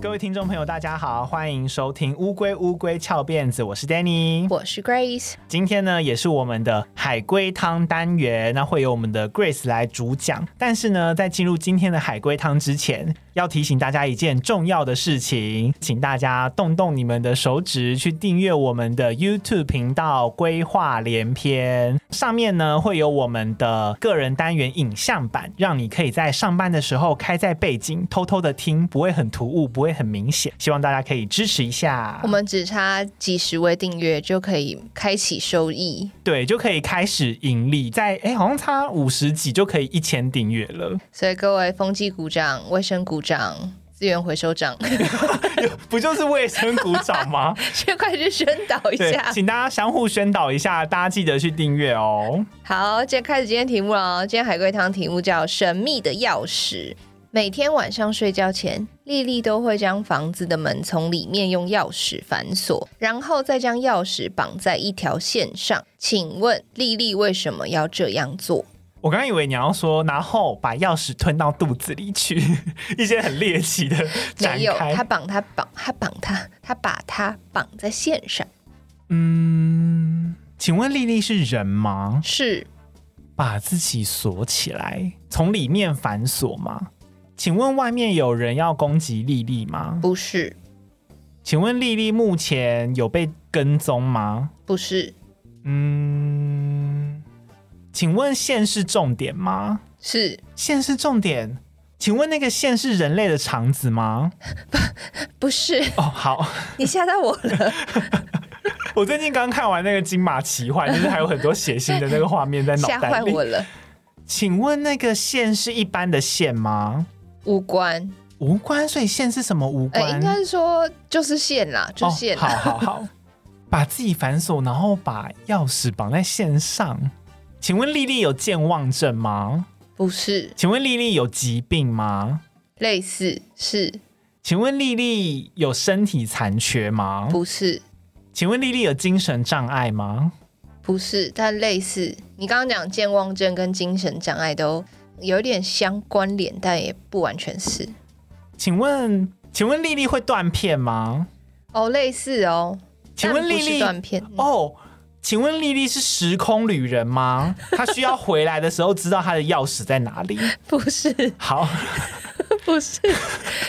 各位聽眾朋友，大家好，歡迎收聽《烏龜烏龜翹辮子》，我是 Danny，我是 Grace。今天呢，也是我們的海龜湯單元，那會由我們的 Grace 來主講。但是呢，在進入今天的海龜湯之前，要提醒大家一件重要的事情，請大家動動你們的手指去訂閱我們的 YouTube 頻道《鬼話連篇》。上面呢會有我們的個人單元影像版，讓你可以在上班的時候開在背景，偷偷的聽，不會很突兀，不會很明顯。希望大家可以支持一下。我們只差幾十位訂閱就可以開啟收益，對，就可以開始盈利。在哎，好像差五十幾就可以一千訂閱了。所以各位風紀鼓掌，衛生鼓掌。長資源回收漲， 不就是衛生股長嗎？先 快去宣導一下，請大家相互宣導一下，大家記得去訂閱哦。好，現在開始今天題目了。今天海龜湯題目叫《神秘的鑰匙》。每天晚上睡覺前，莉莉都會將房子的門從裡面用鑰匙反鎖，然後再將鑰匙綁在一條線上。請問莉莉為什麼要這樣做？我剛以為你要說，然後把鑰匙吞到肚子裡去，一些很獵奇的。男友，他綁他綁他綁他，他把他綁在線上。嗯，請問莉莉是人嗎？是，把自己鎖起來，從裡面反鎖嗎？請問外面有人要攻擊莉莉嗎？不是。請問莉莉目前有被跟蹤嗎？不是。嗯。請問線是重點嗎？是。線是重點。請問那個線是人類的腸子嗎？不，不是哦。好， 你嚇到我了。 我最近剛看完那個《金馬奇幻》，就是還有很多血腥的那個畫面在腦袋裡。嚇壞我了。請問那個線是一般的線嗎？無關，無關。所以線是什麼無關？哎、呃，應該是說就是線啦，就是線啦、哦。好好好， 把自己反鎖，然後把鑰匙綁在線上。請問莉莉有健忘症嗎？不是。請問莉莉有疾病嗎？類似是。請問莉莉有身體殘缺嗎？不是。請問莉莉有精神障礙嗎？不是，但類似。你剛剛講健忘症跟精神障礙都有點相關聯，但也不完全是。請問，請問莉莉會斷片嗎？哦，類似哦。你嗯、請問莉莉斷片哦？請問莉莉是時空旅人嗎？她需要回來的時候知道她的鑰匙在哪裡？ 不是。好， 不是。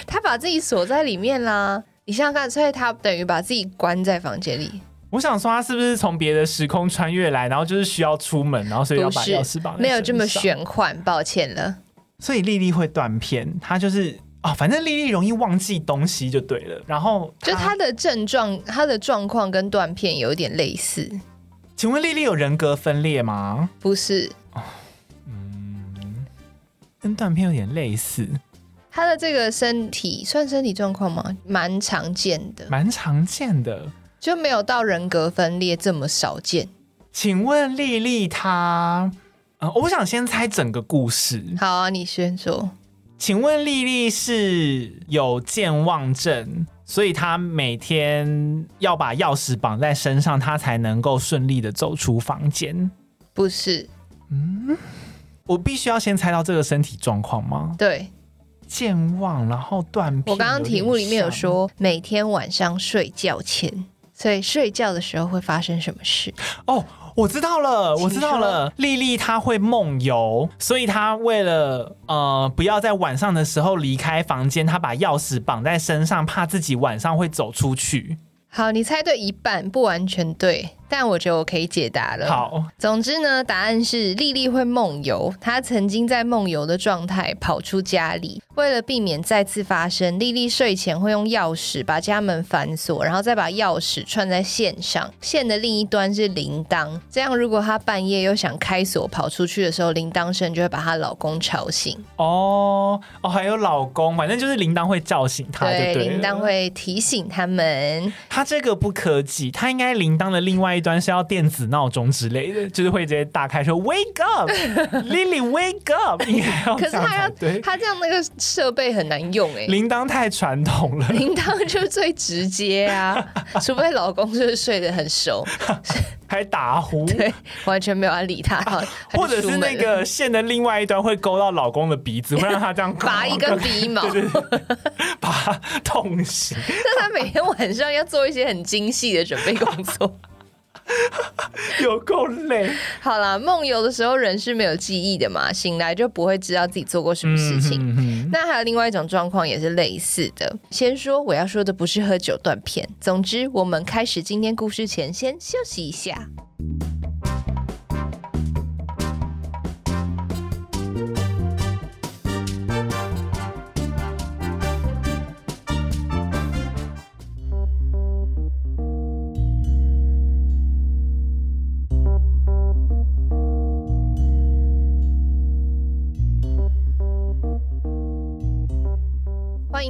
她把自己鎖在裡面啦。你想想看，所以她等於把自己關在房間裡。我想說，她是不是從別的時空穿越來，然後就是需要出門，然後所以要把鑰匙綁？沒有這麼玄幻，抱歉了。所以莉莉會斷片，她就是啊、哦，反正莉莉容易忘記東西就對了。然後她就她的症狀，她的狀況跟斷片有一點類似。請問莉莉有人格分裂嗎？不是、哦，嗯，跟斷片有點類似。她的這個身體算身體狀況嗎蠻常見的，蠻常見的，就沒有到人格分裂這麼少見。請問莉莉她，呃，我想先猜整個故事。好啊，你先說。請問莉莉是有健忘症？所以他每天要把鑰匙綁在身上，他才能夠順利的走出房間。不是，嗯，我必須要先猜到這個身體狀況嗎？對，健忘，然後斷片。我剛剛題目裡面有說，每天晚上睡覺前，所以睡覺的時候會發生什麼事？哦。我知道了，我知道了。莉莉客她會夢遊，所以她為了呃不要在晚上的時候離開房間，她把鑰匙綁在身上，怕自己晚上會走出去。好，你猜對一半，不完全對。但我覺得我可以解答了。好，總之呢，答案是莉莉會夢遊。她曾經在夢遊的狀態跑出家裡，為了避免再次發生，莉莉睡前會用鑰匙把家門反鎖，然後再把鑰匙串在線上，線的另一端是鈴鐺。這樣，如果她半夜又想開鎖跑出去的時候，鈴鐺聲就會把她老公吵醒。哦，哦，還有老公，反正就是鈴鐺會叫醒她。對，對，鈴鐺會提醒他們。她這個不可及，她應該鈴鐺的另外一端是要電子鬧鐘之類的，就是會直接打開說 “Wake up, Lily, Wake up！” 對，可是還要他這樣那個設備很難用哎、欸，鈴鐺太傳統了，鈴鐺就最直接啊， 除非老公就是睡得很熟， 還打呼胡，對，完全沒有安理他， 或者是那個線的另外一端會勾到老公的鼻子，會讓他這樣拔一個鼻毛，對對對，拔痛死。 但他每天晚上要做一些很精細的準備工作。 有夠累，好啦，夢遊的時候人是沒有記憶的嘛，醒來就不會知道自己做過什麼事情。 那還有另外一種狀況也是類似的，先說我要說的不是喝酒斷片。總之，我們開始今天故事前先休息一下。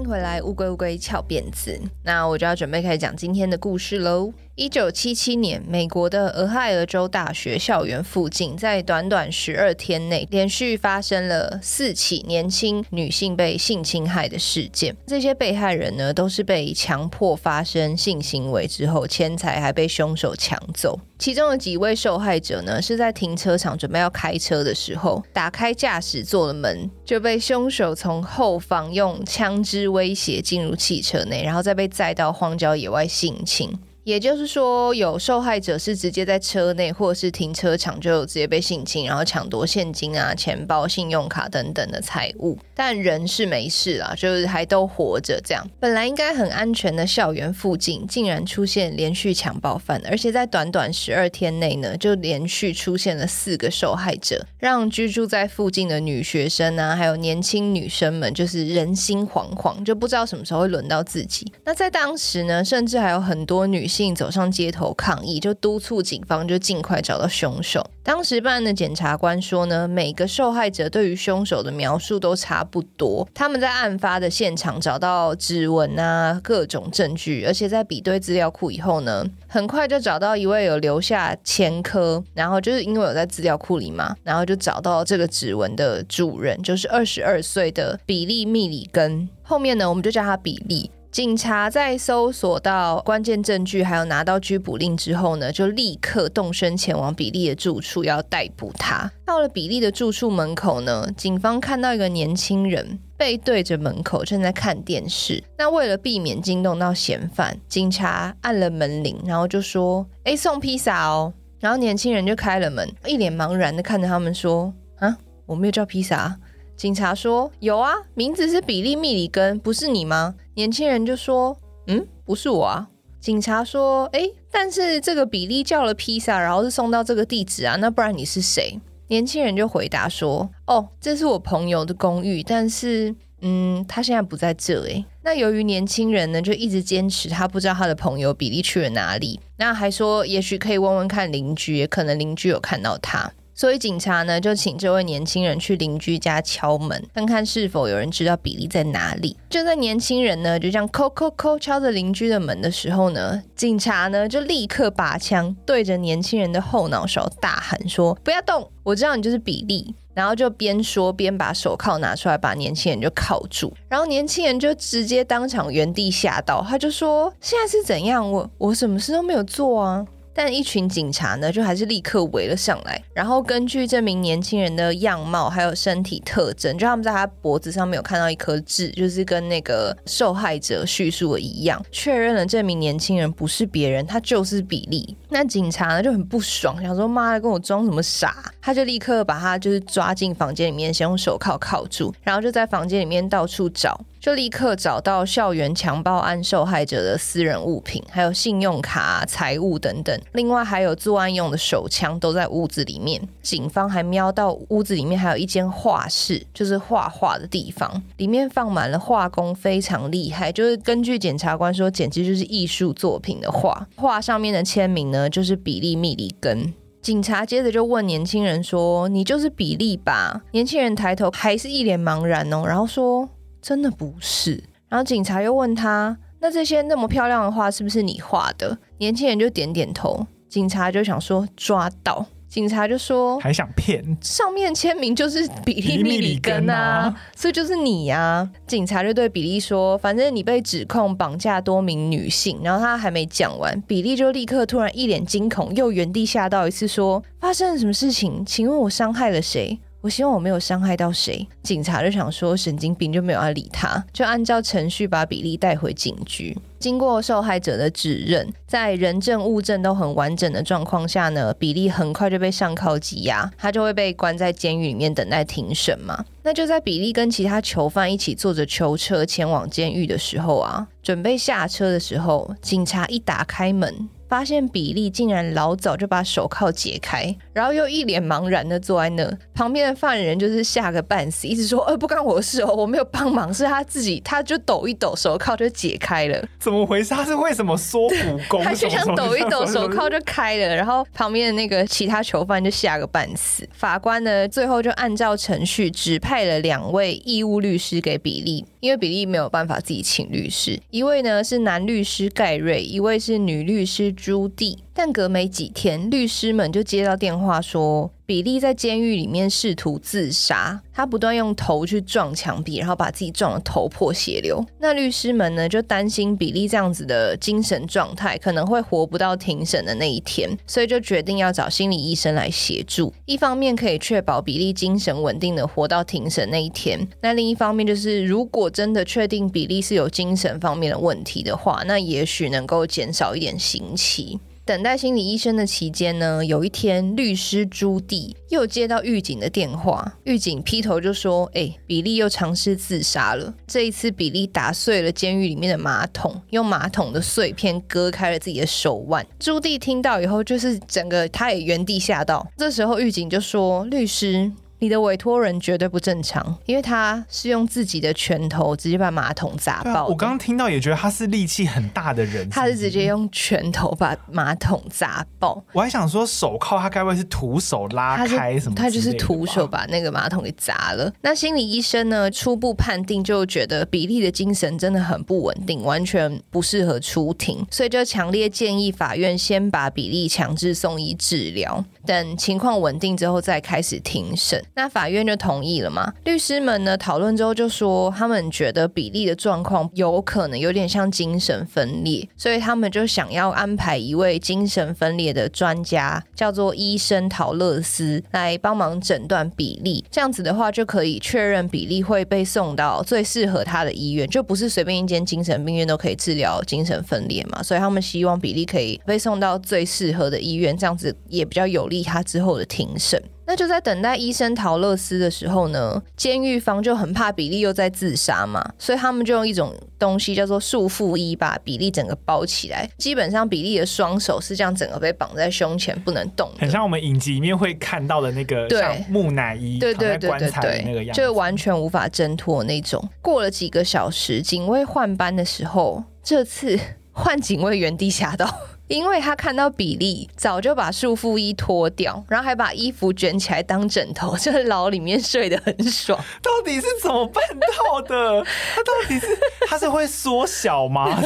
回來，烏龜烏龜翹辮子，那我就要準備開始講今天的故事嘍。一九七七年，美國的俄亥俄州大學校園附近，在短短十二天內，連續發生了四起年輕女性被性侵害的事件。這些被害人呢，都是被強迫發生性行為之後，錢財還被凶手搶走。其中有幾位受害者呢，是在停車場準備要開車的時候，打開駕駛座的門，就被凶手從後方用槍支威脅進入汽車內，然後再被載到荒郊野外性侵。也就是說，有受害者是直接在車內或是停車場就直接被性侵，然後搶奪現金啊、錢包、信用卡等等的財物，但人是沒事啦，就是還都活着。這樣，本來應該很安全的校園附近，竟然出現連續強暴犯，而且在短短十二天內呢，就連續出現了四個受害者，讓居住在附近的女學生啊，還有年輕女生們，就是人心惶惶，就不知道什麼時候會輪到自己。那在當時呢，甚至還有很多女性。走上街頭抗議，就督促警方就儘快找到兇手。當時辦案的檢察官說呢，每個受害者對於兇手的描述都差不多。他們在案發的現場找到指紋啊，各種證據，而且在比對資料庫以後呢，很快就找到一位有留下前科，然後就是因為有在資料庫裡嘛，然後就找到這個指紋的主人，就是二十二歲的比利·密里根。後面呢，我們就叫他比利。警察在搜索到關鍵證據，還有拿到拘捕令之後呢，就立刻動身前往比利的住處，要逮捕他。到了比利的住處門口呢，警方看到一個年輕人背對着門口正在看電視。那為了避免驚動到嫌犯，警察按了門鈴，然後就說：“哎，送披薩哦。”然後年輕人就開了門，一臉茫然的看着他們說：“啊，我沒有叫披薩啊。”警察說：“有啊，名字是比利·密里根，不是你嗎？”年輕人就說：“嗯，不是我啊。”警察說：“哎，但是這個比利叫了披薩，然後是送到這個地址啊，那不然你是誰？”年輕人就回答說：“哦，這是我朋友的公寓，但是嗯，他現在不在這。”哎，那由於年輕人呢，就一直堅持他不知道他的朋友比利去了哪裡，那還說也許可以問問看鄰居，也可能鄰居有看到他。所以警察呢，就請這位年輕人去鄰居家敲門，看看是否有人知道比利在哪裡。就在年輕人呢，就這樣扣扣扣敲敲敲敲着鄰居的門的時候呢，警察呢就立刻拔槍對着年輕人的後腦勺大喊說：“不要動！我知道你就是比利。”然後就邊說邊把手銬拿出來，把年輕人就銬住。然後年輕人就直接當場原地嚇到，他就說：“現在是怎樣？我我什麼事都沒有做啊！”但一群警察呢，就還是立刻圍了上來。然後根據這名年輕人的樣貌還有身體特徵，就他們在他脖子上面有看到一顆痣，就是跟那個受害者敘述的一樣，確認了這名年輕人不是別人，他就是比利。那警察呢就很不爽，想說媽的，跟我裝什麼傻？他就立刻把他就是抓進房間裡面，先用手銬銬住，然後就在房間裡面到處找。就立刻找到校園強暴案受害者的私人物品，還有信用卡、財物等等。另外，還有作案用的手槍都在屋子裡面。警方還瞄到屋子裡面還有一間畫室，就是畫畫的地方，裡面放滿了畫工，非常厲害。就是根據檢察官說，簡直就是藝術作品的畫。畫上面的簽名呢，就是比利·密裡根。警察接着就問年輕人說：“你就是比利吧？”年輕人抬頭，還是一臉茫然哦、喔，然後說。真的不是。然後警察又問他，那這些那麼漂亮的畫是不是你畫的？年輕人就點點頭。警察就想說抓到。警察就說還想騙？上面簽名就是比利·米里根啊，哦、根啊，所以就是你呀、啊。警察就對比利說，反正你被指控綁架多名女性。然後他還沒講完，比利就立刻突然一臉驚恐，又原地嚇到一次說，說發生了什麼事情？請問我傷害了誰？我希望我沒有傷害到誰。警察就想說神經病，就沒有要理他，就按照程序把比利帶回警局。經過受害者的指認，在人證物證都很完整的狀況下呢，比利很快就被上銬羈押，他就會被關在監獄裡面等待庭審嘛。那就在比利跟其他囚犯一起坐着囚車前往監獄的時候啊，準備下車的時候，警察一打開門。發現比利竟然老早就把手銬解開，然後又一臉茫然的坐在那。旁邊的犯人就是嚇個半死，一直說：“呃、欸，不關我的事哦、喔，我沒有幫忙，是他自己，他就抖一抖手銬就解開了。”怎麼回事？他是為什麼縮骨功？他就想抖一抖手銬就開了。然後旁邊的那個其他囚犯就嚇個半死。法官呢，最後就按照程序指派了兩位義務律師給比利。因為比利沒有辦法自己請律師，一位呢是男律師蓋瑞，一位是女律師朱蒂。但隔沒幾天，律師們就接到電話說，比利在監獄裡面試圖自殺，他不斷用頭去撞牆壁，然後把自己撞得頭破血流。那律師們呢，就擔心比利這樣子的精神狀態可能會活不到庭審的那一天，所以就決定要找心理醫生來協助。一方面可以確保比利精神穩定的活到庭審那一天，那另一方面就是，如果真的確定比利是有精神方面的問題的話，那也許能夠減少一點刑期。等待心理醫生的期間呢，有一天，律師朱蒂又接到獄警的電話，獄警劈頭就說：“哎、欸，比利又嘗試自殺了。這一次，比利打碎了監獄裡面的馬桶，用馬桶的碎片割開了自己的手腕。”朱蒂聽到以後，就是整個他也原地嚇到。這時候，獄警就說：“律師。”你的委託人絕對不正常，因為他是用自己的拳頭直接把馬桶砸爆的。對啊。我剛剛聽到也覺得他是力氣很大的人，他是直接用拳頭把馬桶砸爆。我還想說，手銬他該不會是徒手拉開什麼之類的吧？他就是徒手把那個馬桶給砸了。那心理醫生呢？初步判定就覺得比利的精神真的很不穩定，完全不適合出庭，所以就強烈建議法院先把比利強制送醫治療，等情況穩定之後再開始庭審。那法院就同意了嘛。律師們呢，討論之後就說，他們覺得比利的狀況有可能有點像精神分裂，所以他們就想要安排一位精神分裂的專家，叫做醫生陶勒斯，來幫忙診斷比利。這樣子的話就可以確認比利會被送到最適合他的醫院，就不是隨便一間精神病院都可以治療精神分裂嘛。所以他們希望比利可以被送到最適合的醫院，這樣子也比較有利他之後的庭審。那就在等待醫生陶樂斯的時候呢，監獄方就很怕比利又在自殺嘛，所以他們就用一種東西叫做束縛衣，把比利整個包起來。基本上比利的雙手是這樣，整個被綁在胸前，不能動，很像我們影集裡面會看到的那個像木乃伊躺在棺材對對對，對，那個樣，就完全無法掙脫那種。過了幾個小時，警衛換班的時候，這次換警衛原地嚇到。因為他看到比利早就把束縛衣脫掉，然後還把衣服卷起來當枕頭，就是牢裡面睡得很爽。到底是怎麼辦到的？ 他到底是他是會縮小嗎？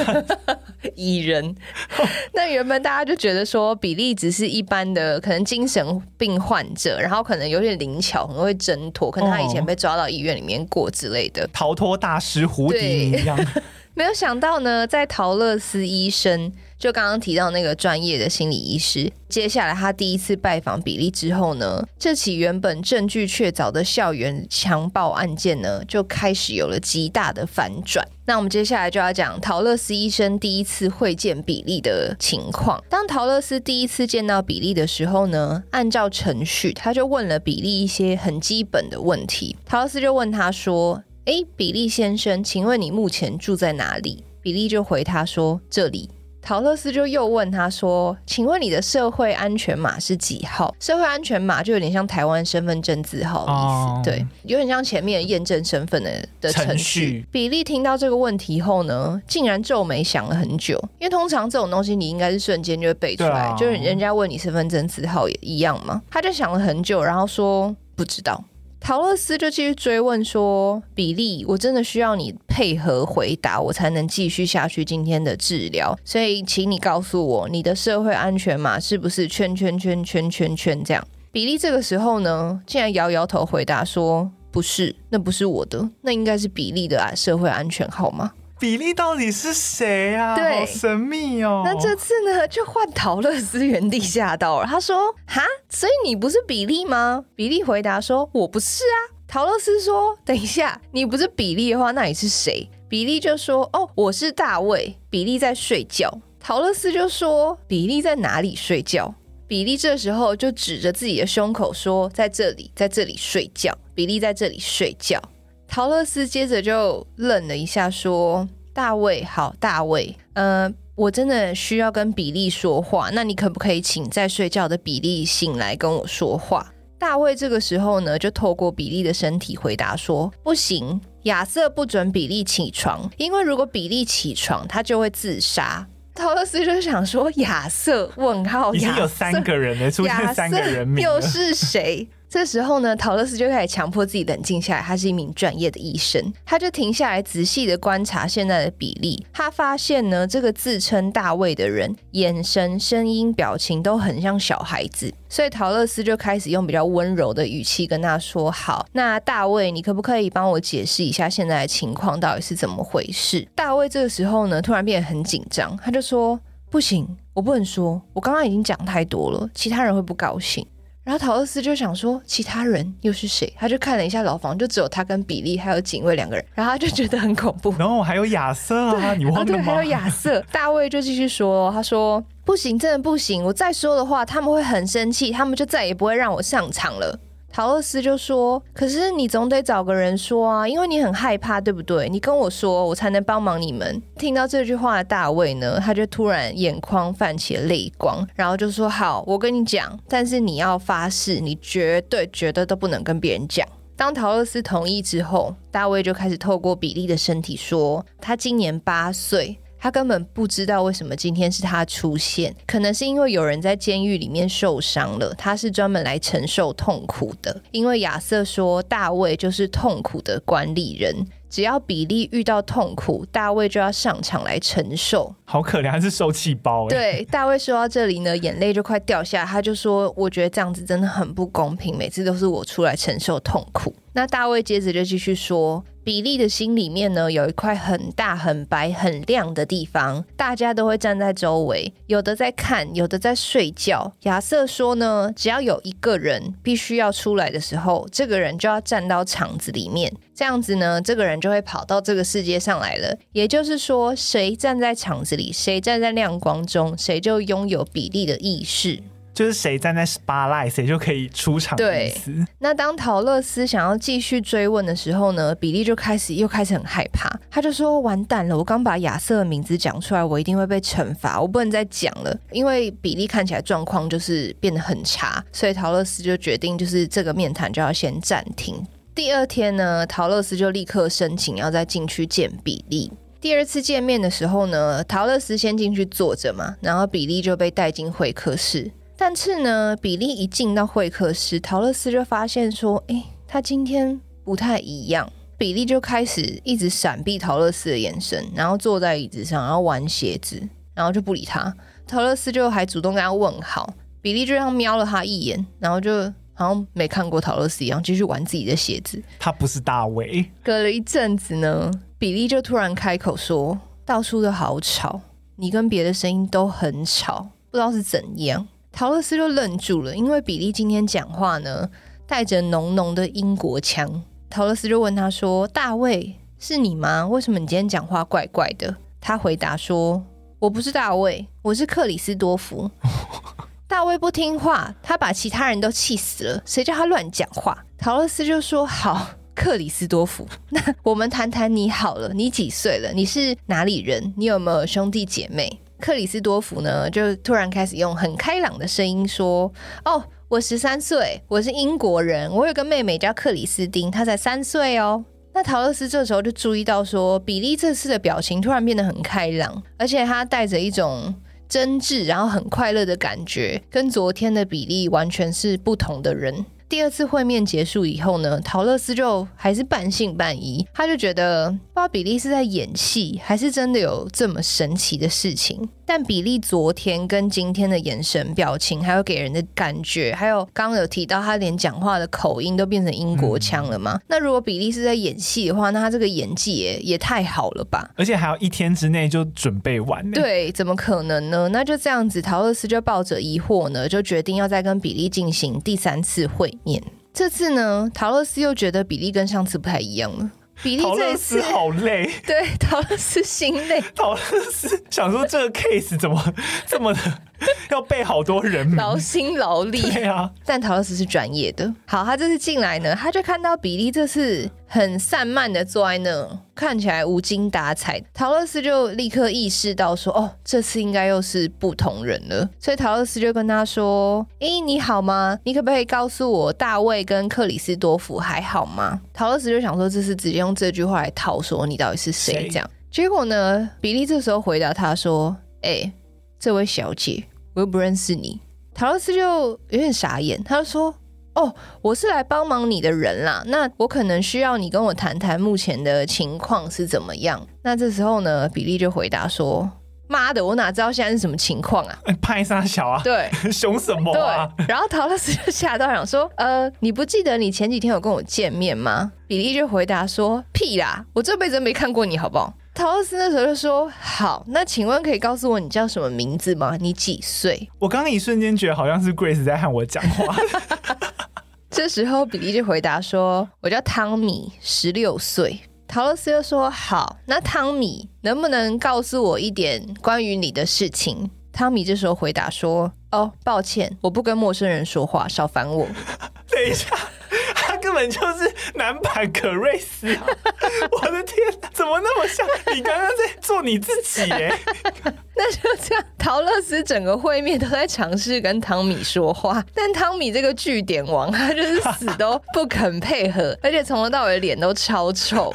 蟻 人？ 那原本大家就覺得說，比利只是一般的可能精神病患者，然後可能有點靈巧，很會掙脫，可能他以前被抓到醫院裡面過之類的，逃脫大師胡迪尼一樣。沒有想到呢，在陶樂斯醫生就剛剛提到那個專業的心理醫師，接下來他第一次拜訪比利之後呢，這起原本證據確鑿的校園強暴案件呢，就開始有了極大的反轉。那我們接下來就要講陶樂斯醫生第一次會見比利的情況。當陶樂斯第一次見到比利的時候呢，按照程序，他就問了比利一些很基本的問題。陶樂斯就問他說，誒，比利先生，請問你目前住在哪裡？比利就回他說：“這裡。”陶樂斯就又問他說：“請問你的社會安全碼是幾號？社會安全碼就有點像台灣身份證字號的意思，嗯、對，有點像前面驗證身份的的程序。程序”比利聽到這個問題後呢，竟然皺眉想了很久，因為通常這種東西你應該是瞬間就會背出來，啊、就是人家問你身份證字號也，也一樣嘛。他就想了很久，然後說：“不知道。”桃樂絲就繼續追問說：“比利，我真的需要你配合回答，我才能繼續下去今天的治療。所以，請你告訴我，你的社會安全碼是不是圈圈圈圈圈圈圈這樣？”比利這個時候呢，竟然搖搖頭回答說：“不是，那不是我的，那應該是比利的啊社會安全號碼。”比利到底是誰啊？對好神秘哦。那這次呢，就換陶樂斯原地嚇到了。他說：“哈，所以你不是比利嗎？”比利回答說：“我不是啊。”陶樂斯說：“等一下，你不是比利的話，那你是誰？”比利就說：“哦，我是大衛。”比利在睡覺。陶樂斯就說：“比利在哪裡睡覺？”比利這時候就指着自己的胸口說：“在這裡，在這裡睡覺。”比利在這裡睡覺。陶樂斯接着就愣了一下，說：“大衛，好，大衛，呃，我真的需要跟比利說話，那你可不可以請在睡覺的比利醒來跟我說話？”大衛這個時候呢，就透過比利的身體回答說：“不行，亞瑟不准比利起床，因為如果比利起床，他就會自殺。”陶樂斯就想說：“亞瑟？問號？已經有三個人了，亞瑟又是誰？” 這時候呢，桃樂絲就開始強迫自己冷靜下來。他是一名專業的醫生，他就停下來仔細的觀察現在的比利。他發現呢，這個自稱大衛的人眼神、聲音、表情都很像小孩子，所以桃樂絲就開始用比較溫柔的語氣跟他說：“好，那大衛，你可不可以幫我解釋一下現在的情況到底是怎麼回事？”大衛這個時候呢，突然變得很緊張，他就說：“不行，我不能說，我剛剛已經講太多了，其他人會不高興。”然後陶爾斯就想說，其他人又是誰？他就看了一下牢房，就只有他跟比利還有警衛兩個人，然後他就覺得很恐怖。然後、oh, no, 還有亞瑟啊，你忘了嗎？對、哦、對還有亞瑟。 大衛就繼續說，他說，不行，真的不行，我再說的話，他們會很生氣，他們就再也不會讓我上場了。陶樂斯就說：“可是你總得找個人說啊，因為你很害怕，對不對？你跟我說，我才能幫忙你們。”聽到這句話的大衛呢，他就突然眼眶泛起了淚光，然後就說：“好，我跟你講，但是你要發誓，你絕對、絕對都不能跟別人講。”當陶樂斯同意之後，大衛就開始透過比利的身體說：“他今年八歲。”他根本不知道為什麼今天是他出現，可能是因為有人在監獄裡面受傷了。他是專門來承受痛苦的，因為亞瑟說大衛就是痛苦的管理人，只要比利遇到痛苦，大衛就要上場來承受。好可憐，還是受氣包。對，大衛說到這裡呢，眼淚就快掉下，他就說：“我覺得這樣子真的很不公平，每次都是我出來承受痛苦。”那大衛接着就繼續說。比利的心裡面呢，有一塊很大、很白、很亮的地方，大家都會站在周圍，有的在看，有的在睡覺。亞瑟說呢，只要有一個人必須要出來的時候，這個人就要站到場子裡面，這樣子呢，這個人就會跑到這個世界上來了。也就是說，誰站在場子裡，誰站在亮光中，誰就擁有比利的意識。就是誰站在 spotlight 誰就可以出場。對，那當陶樂斯想要繼續追問的時候呢，比利就開始又開始很害怕，他就說：“完蛋了，我剛把亞瑟的名字講出來，我一定會被懲罰，我不能再講了。”因為比利看起來狀況就是變得很差，所以陶樂斯就決定就是這個面談就要先暫停。第二天呢，陶樂斯就立刻申請要再進去見比利。第二次見面的時候呢，陶樂斯先進去坐着嘛，然後比利就被帶進會客室。但是呢，比利一進到會客室，陶勒斯就發現說：“哎、欸，他今天不太一樣。”比利就開始一直閃避陶勒斯的眼神，然後坐在椅子上，然後玩鞋子，然後就不理他。陶勒斯就還主動跟他問好，比利就像瞄了他一眼，然後就好像沒看過陶勒斯一樣，繼續玩自己的鞋子。他不是大衛。隔了一陣子呢，比利就突然開口說：“到處都好吵，你跟別的聲音都很吵，不知道是怎樣。”陶樂斯就愣住了，因為比利今天講話呢帶着濃濃的英國腔。陶樂斯就問他說：“大衛是你嗎？為什麼你今天講話怪怪的？”他回答說：“我不是大衛，我是克里斯多夫。” 大衛不聽話，他把其他人都氣死了。誰叫他亂講話？陶樂斯就說：“好，克里斯多夫，那我們談談你好了。你幾歲了？你是哪裡人？你有沒有兄弟姐妹？”克里斯多福呢，就突然開始用很開朗的聲音說：“哦，我十三歲，我是英國人，我有個妹妹叫克里斯丁，她才三歲哦。”那陶樂斯這時候就注意到說，說比利這次的表情突然變得很開朗，而且他帶着一種真摯，然後很快樂的感覺，跟昨天的比利完全是不同的人。第二次會面結束以後呢，陶樂斯就還是半信半疑，他就覺得不知道比利是在演戲還是真的有這麼神奇的事情。但比利昨天跟今天的眼神、表情，還有給人的感覺，還有剛剛有提到他連講話的口音都變成英國腔了嘛？嗯。那如果比利是在演戲的話，那他這個演技也，也太好了吧？而且還要一天之內就準備完？對，怎麼可能呢？那就這樣子，陶樂斯就抱着疑惑呢，就決定要再跟比利進行第三次會。Yeah. 這次呢，陶洛斯又覺得比利跟上次不太一樣了。比利這次斯好累，對陶洛斯心累。陶洛斯想說，這個 case 怎麼 這麼的。 要背好多人名，勞心勞力。對啊，但陶樂斯是專業的。好，他這次進來呢，他就看到比利這次很散漫的坐在那，看起來無精打采。陶樂斯就立刻意識到說：“哦，這次應該又是不同人了。”所以陶樂斯就跟他說：“哎、欸，你好嗎？你可不可以告訴我，大衛跟克里斯多夫還好嗎？”陶樂斯就想說：“這次直接用這句話來套說你到底是誰。誰”這樣，結果呢，比利這時候回答他說：“哎、欸，這位小姐。”我又不認識你，陶樂斯就有點傻眼，他就說：“哦，我是來幫忙你的人啦，那我可能需要你跟我談談目前的情況是怎麼樣。”那這時候呢，比利就回答說：“媽的，我哪知道現在是什麼情況啊？拍謝小啊，對，凶什麼啊？”對，然後陶樂斯就嚇到想說：“呃，你不記得你前幾天有跟我見面嗎？”比利就回答說：“屁啦，我這輩子都沒看過你好不好？”陶樂斯那時候就說：“好，那請問可以告訴我你叫什麼名字嗎？你幾歲？”我剛剛一瞬間覺得好像是 Grace 在和我講話。 這時候比利就回答說：“我叫湯米，十六歲。”陶樂斯又說：“好，那湯米能不能告訴我一點關於你的事情？” 湯米這時候回答說：“哦，抱歉，我不跟陌生人說話，少煩我。” 等一下。根本就是男版可瑞斯，啊，我的天，怎麼那麼像？你剛剛在做你自己，欸、 那就這樣。陶樂斯整個會面都在嘗試跟湯米說話，但湯米這個句點王，他就是死都不肯配合，而且從頭到尾臉都超臭。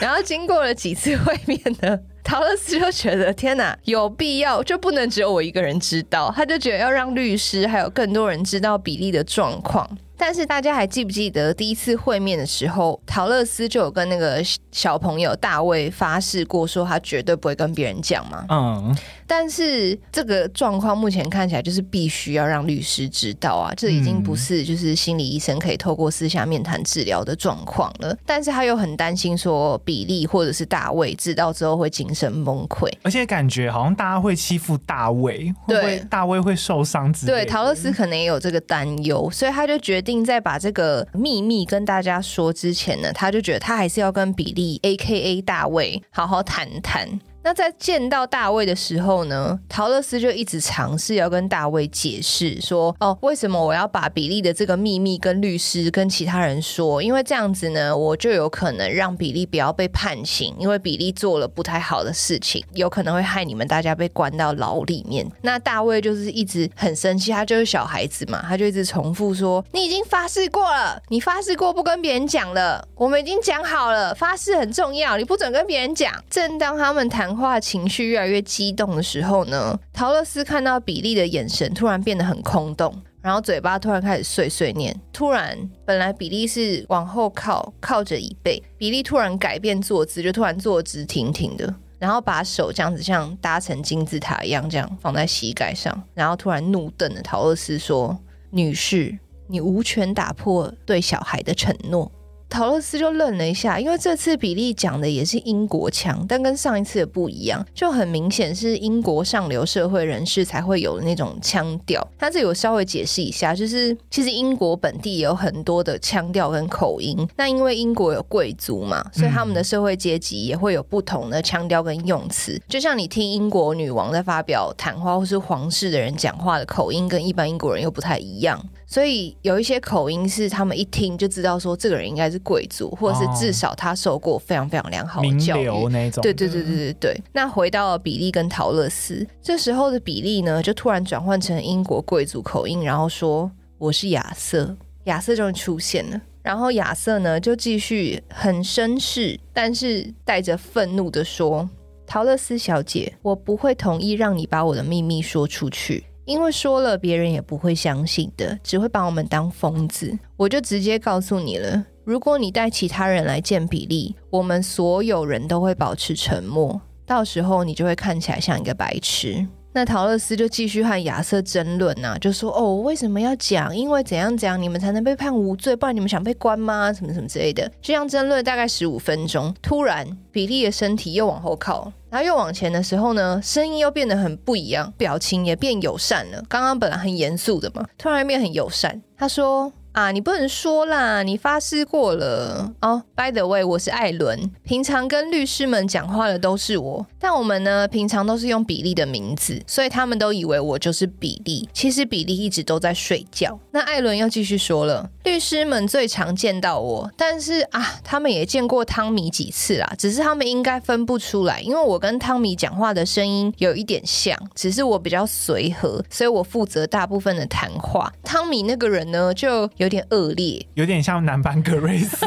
然後經過了幾次會面呢，陶樂斯就覺得天哪，有必要就不能只有我一個人知道？他就覺得要讓律師還有更多人知道比利的狀況。但是大家還記不記得第一次會面的時候，陶樂斯就有跟那個小朋友大衛發誓過，說他絕對不會跟別人講嗎？嗯。Um. 但是這個狀況目前看起來就是必須要讓律師知道啊，這已經不是就是心理醫生可以透過私下面談治療的狀況了。但是他又很擔心說，比利或者是大衛知道之後會精神崩潰，而且感覺好像大家會欺負大衛，對，會不會大衛會受傷之類的？對，陶樂斯可能也有這個擔憂，所以他就決定在把這個秘密跟大家說之前呢，他就覺得他還是要跟比利 （A.K.A. 大衛）好好談談。那在見到大衛的時候呢，陶勒斯就一直嘗試要跟大衛解釋說，哦，為什麼我要把比利的這個秘密跟律師跟其他人說？因為這樣子呢，我就有可能讓比利不要被判刑，因為比利做了不太好的事情，有可能會害你們大家被關到牢裡面。那大衛就是一直很生氣，他就是小孩子嘛，他就一直重複說：“你已經發誓過了，你發誓過不跟別人講了，我們已經講好了，發誓很重要，你不准跟別人講。”正當他們談。話情緒越來越激動的時候呢，陶樂斯看到比利的眼神突然變得很空洞，然後嘴巴突然開始碎碎念。突然，本來比利是往後靠，靠着椅背，比利突然改變坐姿，就突然坐直挺挺的，然後把手這樣子像搭成金字塔一樣這樣放在膝蓋上，然後突然怒瞪的陶樂斯說：“女士，你無權打破對小孩的承諾。”陶樂斯就愣了一下，因為這次比利講的也是英國腔，但跟上一次也不一樣，就很明顯是英國上流社會人士才會有的那種腔調。他這裡我稍微解釋一下，就是其實英國本地也有很多的腔調跟口音。那因為英國有貴族嘛，嗯、所以他們的社會階級也會有不同的腔調跟用詞。就像你聽英國女王在發表談話，或是皇室的人講話的口音，跟一般英國人又不太一樣。所以有一些口音是他們一聽就知道，說這個人應該是貴族，或者是至少他受過非常非常良好的教育，哦、名流那種。對對對對對對。嗯、那回到比利跟陶樂斯，這時候的比利呢，就突然轉換成英國貴族口音，然後說：“我是亞瑟，亞瑟終於出現了。”然後亞瑟呢，就繼續很紳士，但是帶着憤怒的說：“陶樂斯小姐，我不會同意讓你把我的秘密說出去。”因為說了別人也不會相信的，只會把我們當瘋子。我就直接告訴你了，如果你帶其他人來見比利，我們所有人都會保持沉默。到時候你就會看起來像一個白痴。那陶樂斯就繼續和亞瑟爭論吶、啊，就說：“哦，我為什麼要講？因為怎樣講你們才能被判無罪？不然你們想被關嗎？什麼什麼之類的。”這樣爭論大概十五分鐘，突然比利的身體又往後靠。他又往前的時候呢，聲音又變得很不一樣，表情也變友善了。剛剛本來很嚴肅的嘛，突然變得很友善。他說。啊，你不能說啦，你發誓過了哦。Oh, by the way，我是艾倫，平常跟律師們講話的都是我，但我們呢，平常都是用比利的名字，所以他們都以為我就是比利。其實比利一直都在睡覺。那艾倫又繼續說了，律師們最常見到我，但是啊，他們也見過湯米幾次啦，只是他們應該分不出來，因為我跟湯米講話的聲音有一點像，只是我比較隨和，所以我負責大部分的談話。湯米那個人呢，就有。有點惡劣 有點像男版格瑞斯，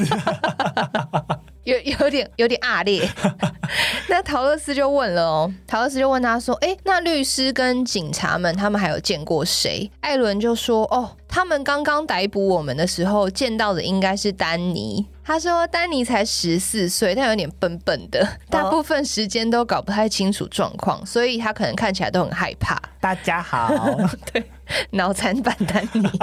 有有點有點惡劣。 那陶樂斯就問了哦、喔，陶樂斯就問他說：“哎、欸，那律師跟警察們，他們還有見過誰？”艾倫就說：“哦，他們剛剛逮捕我們的時候，見到的應該是丹尼。”他說：“丹尼才十四歲，他有點笨笨的，大部分時間都搞不太清楚狀況，所以他可能看起來都很害怕。”大家好， 對。腦殘版丹尼。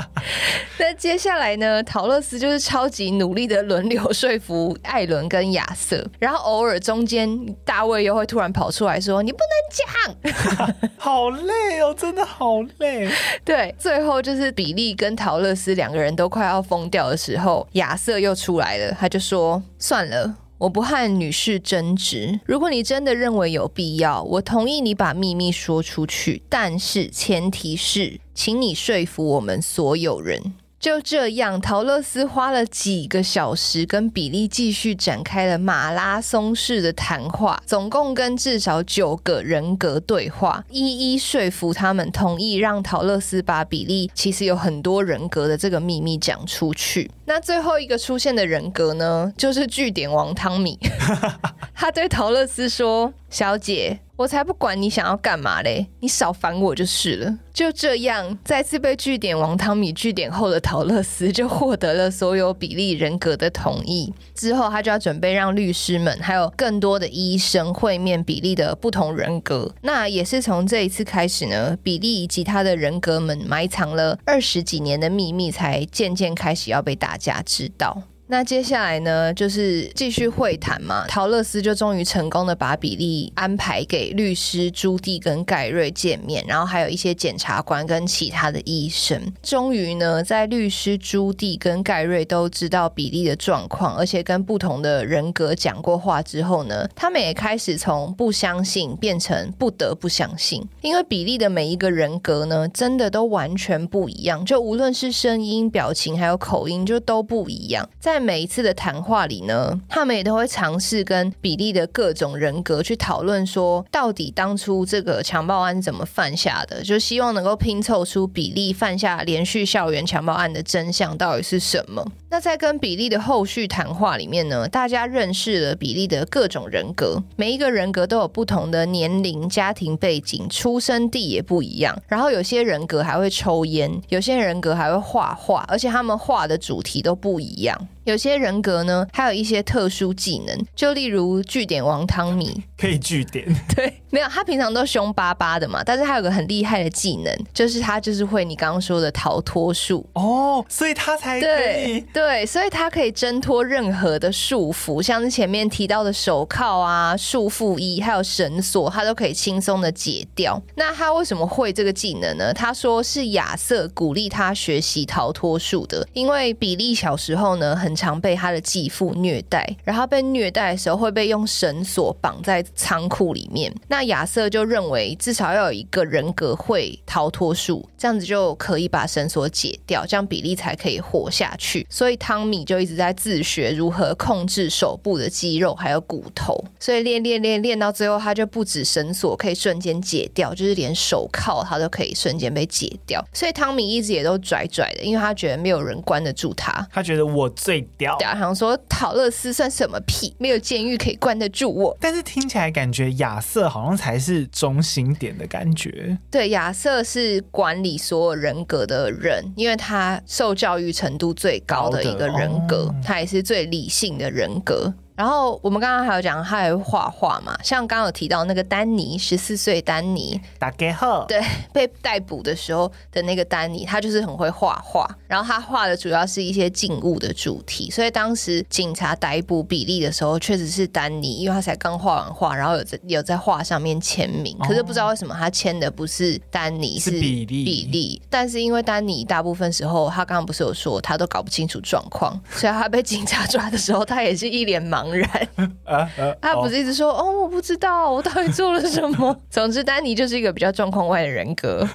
那接下來呢？陶樂斯就是超級努力的輪流說服艾倫跟亞瑟，然後偶爾中間大衛又會突然跑出來說：“你不能講！ 好累哦，真的好累。”對，最後就是比利跟陶樂斯兩個人都快要瘋掉的時候，亞瑟又出來了，他就說：“算了。”我不和女士爭執。如果你真的認為有必要，我同意你把秘密說出去，但是前提是，請你說服我們所有人。就這樣，桃樂絲花了幾個小時跟比利繼續展開了馬拉松式的談話，總共跟至少九個人格對話，一一說服他們同意讓桃樂絲把比利其實有很多人格的這個秘密講出去。那最後一個出現的人格呢，就是句點王湯米。 他對陶樂斯說：“小姐，我才不管你想要幹嘛嘞，你少煩我就是了。”就這樣，再次被句點王湯米句點後，的陶樂斯就獲得了所有比利人格的同意。之後，他就要準備讓律師們還有更多的醫生會面比利的不同人格。那也是從這一次開始呢，比利以及他的人格們埋藏了二十幾年的秘密，才漸漸開始要被打，大家知道。那接下來呢，就是繼續會談嘛。陶樂斯就終於成功的把比利安排給律師朱蒂跟蓋瑞見面，然後還有一些檢察官跟其他的醫生。終於呢，在律師朱蒂跟蓋瑞都知道比利的狀況，而且跟不同的人格講過話之後呢，他們也開始從不相信變成不得不相信，因為比利的每一個人格呢，真的都完全不一樣，就無論是聲音、表情還有口音，就都不一樣。在在每一次的談話裡呢，他們也都會嘗試跟比利的各種人格去討論，說到底當初這個強暴案怎麼犯下的，就希望能夠拼湊出比利犯下連續校園強暴案的真相到底是什麼。那在跟比利的後續談話裡面呢，大家認識了比利的各種人格，每一個人格都有不同的年齡、家庭背景、出生地也不一樣，然後有些人格還會抽煙，有些人格還會畫畫，而且他們畫的主題都不一樣。有些人格呢，還有一些特殊技能，就例如句點王湯米可以句點，對，沒有，他平常都凶巴巴的嘛，但是他有個很厲害的技能，就是他就是會你剛剛說的逃脫術哦，所以他才可以對對，所以他可以掙脫任何的束縛，像是前面提到的手銬啊、束縛衣還有繩索，他都可以輕鬆的解掉。那他為什麼會這個技能呢？他說是亞瑟鼓勵他學習逃脫術的，因為比利小時候呢很常被他的繼父虐待，然後被虐待的時候會被用繩索綁在倉庫裡面。那亞瑟就認為至少要有一個人格會逃脫術，這樣子就可以把繩索解掉，這樣比利才可以活下去。所以湯米就一直在自學如何控制手部的肌肉還有骨頭，所以練練練練，練，練到最後，他就不止繩索可以瞬間解掉，就是連手銬他都可以瞬間被解掉。所以湯米一直也都拽拽的，因為他覺得沒有人關得住他。他覺得我最。好掉像說討樂斯算什麼屁？沒有監獄可以關得住我。但是聽起來感覺亞瑟好像才是中心點的感覺。對，亞瑟是管理所有人格的人，因為他受教育程度最高的一個人格，哦、他也是最理性的人格。然後我們剛剛還有講，他還會畫畫嘛？像剛剛有提到那個丹尼，十四歲丹尼，大家好，對，被逮捕的時候的那個丹尼，他就是很會畫畫。然後他畫的主要是一些靜物的主題。所以當時警察逮捕比利的時候，確實是丹尼，因為他才剛畫完畫，然後有在有在畫上面簽名。可是不知道為什麼他簽的不是丹尼，是比利。比利。但是因為丹尼大部分時候，他剛剛不是有說他都搞不清楚狀況，所以他被警察抓的時候，他也是一臉懵。然， 他不是一直說哦，我不知道我到底做了什麼？ 總之，丹尼就是一個比較狀況外的人格。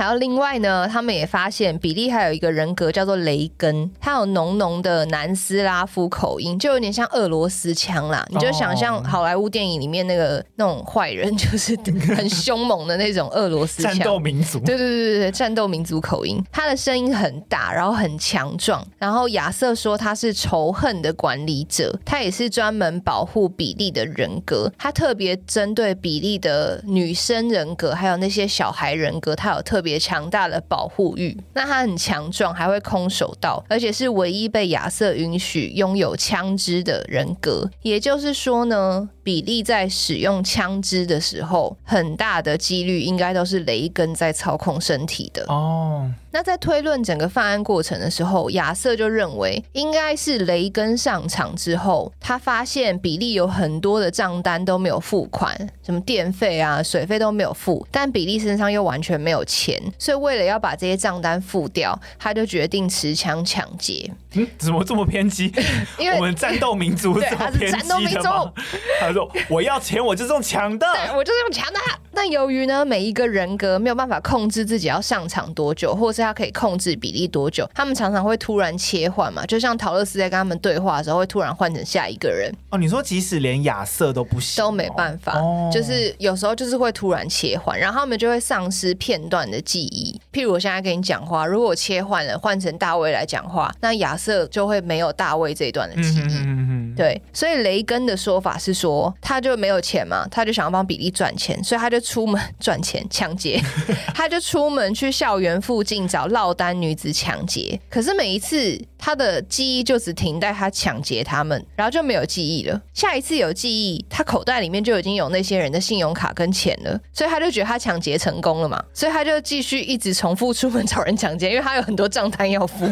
還有另外呢，他們也發現比利還有一個人格叫做雷根，他有濃濃的南斯拉夫口音，就有點像俄羅斯腔啦。你就想象好萊塢電影裡面那個那種壞人，就是很兇猛的那種俄羅斯。 戰鬥民族。對對對對對，戰鬥民族口音，他的聲音很大，然後很強壯。然後亞瑟說他是仇恨的管理者，他也是專門保護比利的人格，他特別針對比利的女生人格，還有那些小孩人格，他有特別。也強大的保護欲，那他很強壯，還會空手道，而且是唯一被亞瑟允許擁有槍支的人格。也就是說呢？比利在使用槍支的時候，很大的幾率應該都是雷根在操控身體的哦。Oh. 那在推論整個犯案過程的時候，亞瑟就認為應該是雷根上場之後，他發現比利有很多的賬單都沒有付款，什麼電費啊、水費都沒有付，但比利身上又完全沒有錢，所以為了要把這些賬單付掉，他就決定持槍搶劫。嗯，怎麼這麼偏激？ 因為我們戰鬥民族的 對，他是戰鬥民族， 我要錢，我就用搶的。我就是用搶的。那由於呢，每一個人格沒有辦法控制自己要上場多久，或是他可以控制比例多久，他們常常會突然切換嘛。就像陶樂斯在跟他們對話的時候，會突然換成下一個人。哦，你說即使連亞瑟都不行，都沒辦法，就是有時候就是會突然切換，然後他們就會喪失片段的記憶。譬如我現在跟你講話，如果切換了換成大衛來講話，那亞瑟就會沒有大衛這一段的記憶。嗯對，所以雷根的說法是說，他就沒有錢嘛，他就想要幫比利賺錢，所以他就出門賺錢搶劫， 他就出門去校園附近找落單女子搶劫。可是每一次他的記憶就只停在他搶劫他們，然後就沒有記憶了。下一次有記憶，他口袋裡面就已經有那些人的信用卡跟錢了，所以他就覺得他搶劫成功了嘛，所以他就繼續一直重複出門找人搶劫，因為他有很多賬單要付，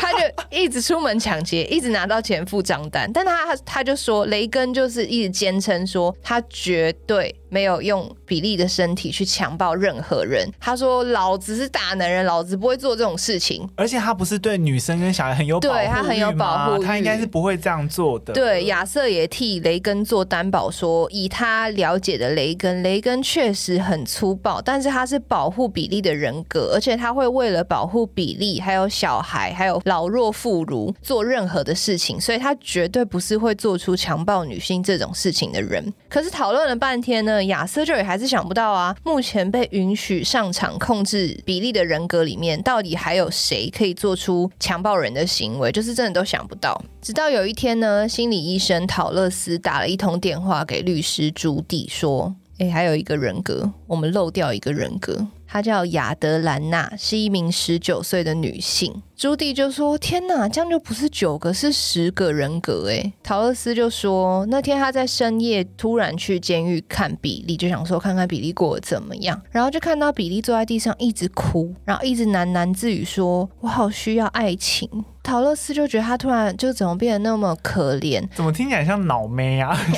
他就一直出門搶劫，一直拿到錢付賬單。但他他就說，雷根就是一直堅稱說，他絕對。沒有用比利的身體去強暴任何人。他說：“老子是大男人，老子不會做這種事情。”而且他不是對女生跟小孩很有保護欲嗎？對，他很有保護欲。他應該是不會這樣做的。對，亞瑟也替雷根做擔保說，說以他了解的雷根，雷根確實很粗暴，但是他是保護比利的人格，而且他會為了保護比利，還有小孩，還有老弱婦孺做任何的事情，所以他絕對不是會做出強暴女性這種事情的人。可是討論了半天呢，亞瑟就也還是想不到啊。目前被允許上場控制比利的人格裡面，到底還有誰可以做出強暴人的行為？就是真的都想不到。直到有一天呢，心理醫生陶勒斯打了一通電話給律師朱蒂，說：“哎、欸，還有一個人格，我們漏掉一個人格。”她叫雅德蘭娜，是一名十九歲的女性。朱迪就說：“天哪，這樣就不是九個，是十個人格。”哎，陶樂斯就說：“那天他在深夜突然去監獄看比利，就想說看看比利過得怎麼樣，然後就看到比利坐在地上一直哭，然後一直喃喃自語說：‘我好需要愛情。’陶樂斯就覺得他突然就怎麼變得那麼可憐，怎麼聽起來像腦妹啊。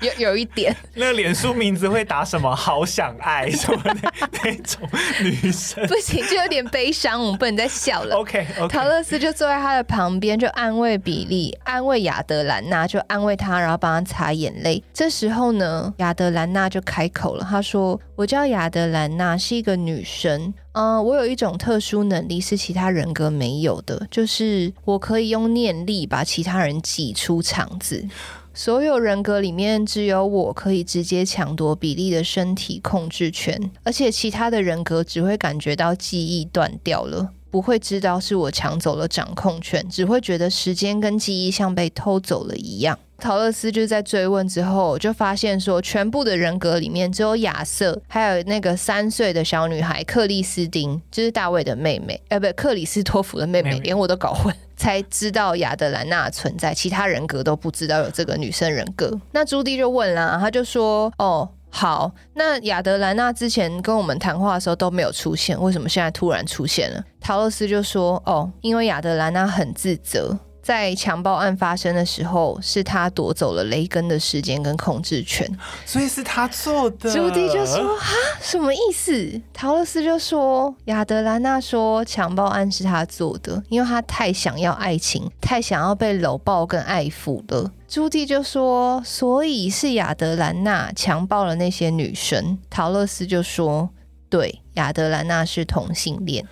有有一點， 那個臉書名字會打什麼？好想愛什麼那， 那種女生？不行，就有點悲傷。我們不能再笑了。 OK，陶 okay 勒斯就坐在他的旁邊，就安慰比利，安慰亞德蘭娜，就安慰他，然後幫他擦眼淚。這時候呢，亞德蘭娜就開口了，他說：“我叫亞德蘭娜，是一個女生。嗯、呃，我有一種特殊能力，是其他人格沒有的，就是我可以用念力把其他人擠出場子。”所有人格裡面，只有我可以直接搶奪比利的身體控制權，而且其他的人格只會感覺到記憶斷掉了，不會知道是我搶走了掌控權，只會覺得時間跟記憶像被偷走了一樣。陶樂斯就是在追問之後，就發現說，全部的人格裡面只有亞瑟，還有那個三歲的小女孩克里斯丁，就是大衛的妹妹，呃、欸，不，克里斯托弗的妹妹，連我都搞混，妹妹才知道亞德蘭娜的存在，其他人格都不知道有這個女生人格。那朱迪就問啦，他就說：“哦，好，那亞德蘭娜之前跟我們談話的時候都沒有出現，為什麼現在突然出現了？”陶樂斯就說：“哦，因為亞德蘭娜很自責。”在強暴案發生的時候，是他奪走了雷根的時間跟控制權，所以是他做的。朱迪就說：“哈，什麼意思？”陶樂斯就說：“亞德蘭娜說強暴案是他做的，因為他太想要愛情，太想要被摟抱跟愛撫了。”朱迪就說：“所以是亞德蘭娜強暴了那些女生。”陶樂斯就說：“對，亞德蘭娜是同性戀。”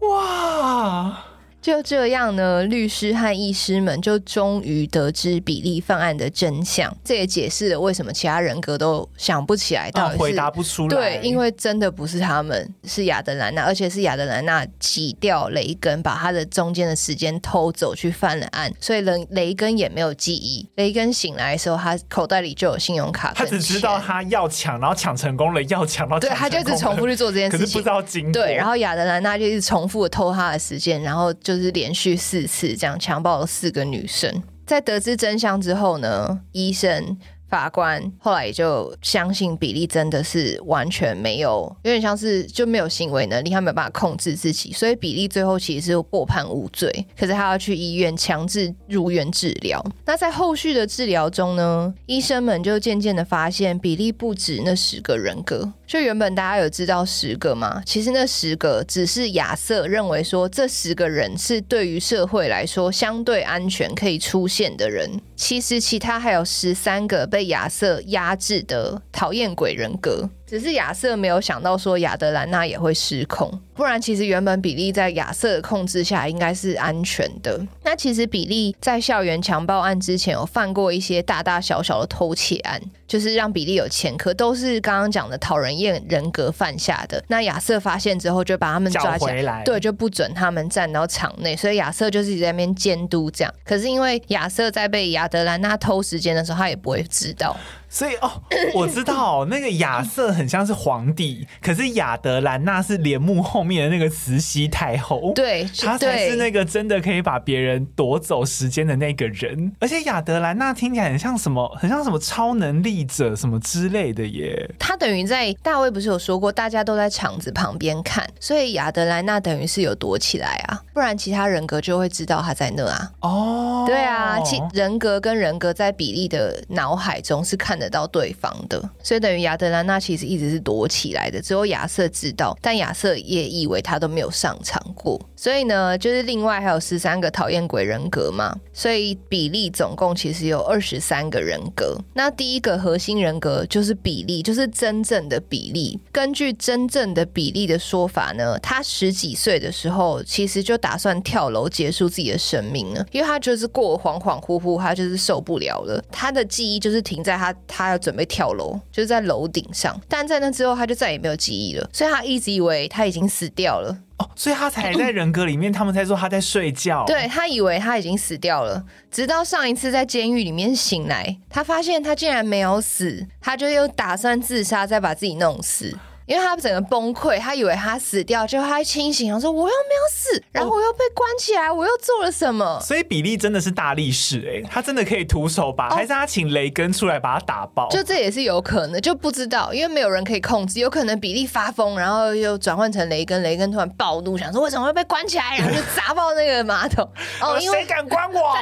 哇！就這樣呢，律師和醫師們就終於得知比利犯案的真相。這也解釋了為什麼其他人格都想不起來，到底是、啊、回答不出來。對，因為真的不是他們，是亞德蘭娜，而且是亞德蘭娜擠掉雷根，把他的中間的時間偷走去犯了案。所以雷雷根也沒有記憶。雷根醒來的時候，他口袋裡就有信用卡。他只知道他要搶，然後搶成功了，要搶到，然後搶成功了。對，他就一直重複去做這件事情，可是不知道經過。對，然後亞德蘭娜就一直重複的偷他的時間，然後就。就是連續四次這樣強暴了四個女生。在得知真相之後呢，醫生、法官後來也就相信比利真的是完全沒有，有點像是就沒有行為能力，他沒有辦法控制自己。所以比利最後其實是獲判無罪，可是他要去醫院強制入院治療。那在後續的治療中呢，醫生們就漸漸的發現，比利不止那十個人格。就原本大家有知道十個嗎？其實那十個只是亞瑟認為說，這十個人是對於社會來說相對安全、可以出現的人。其實其他還有十三個被亞瑟壓制的討厭鬼人格。只是亞瑟沒有想到說亞德蘭娜也會失控，不然其實原本比利在亞瑟的控制下應該是安全的。那其實比利在校園強暴案之前有犯過一些大大小小的偷竊案，就是讓比利有前科，都是剛剛講的討人厭人格犯下的。那亞瑟發現之後就把他們抓起來，叫回來對，就不准他們站到場內，所以亞瑟就是在那邊監督這樣。可是因為亞瑟在被亞德蘭娜偷時間的時候，他也不會知道。所以哦，我知道、哦、 那個亞瑟很像是皇帝，可是亞德蘭娜是簾幕後面的那個慈禧太後，對，她才是那個真的可以把別人奪走時間的那個人。而且亞德蘭娜聽起來很像什麼，很像什麼超能力者什麼之類的耶。他等於在大衛不是有說過，大家都在場子旁邊看，所以亞德蘭娜等於是有躲起來啊，不然其他人格就會知道他在那啊。哦，oh, 對啊，其人格跟人格在比利的腦海中是看。得到對方的，所以等於亞德蘭娜其實一直是躲起來的，只有亞瑟知道，但亞瑟也以為他都沒有上場過。所以呢，就是另外還有十三個討厭鬼人格嘛，所以比利總共其實有二十三個人格。那第一個核心人格就是比利，就是真正的比利。根據真正的比利的說法呢，他十幾歲的時候其實就打算跳樓結束自己的生命了，因為他就是過恍恍惚惚，他就是受不了了。他的記憶就是停在他。他要準備跳樓，就是在樓頂上，但在那之後他就再也沒有記憶了，所以他一直以為他已經死掉了。哦，所以他才在人格裡面，嗯、他們在說他在睡覺。對，他以為他已經死掉了，直到上一次在監獄裡面醒來，他發現他竟然沒有死，他就又打算自殺，再把自己弄死。因為他整個崩潰，他以為他死掉，結果他清醒，他說：“我又沒有死，然後我又被關起來，哦、我又做了什麼？”所以比利真的是大力士哎、欸，他真的可以徒手把，哦、還是他請雷根出來把他打爆？就這也是有可能，就不知道，因為沒有人可以控制，有可能比利發瘋，然後又轉換成雷根，雷根突然暴怒，想說：“為什麼會被關起來？”然後就砸爆那個馬桶哦，因為誰敢關我？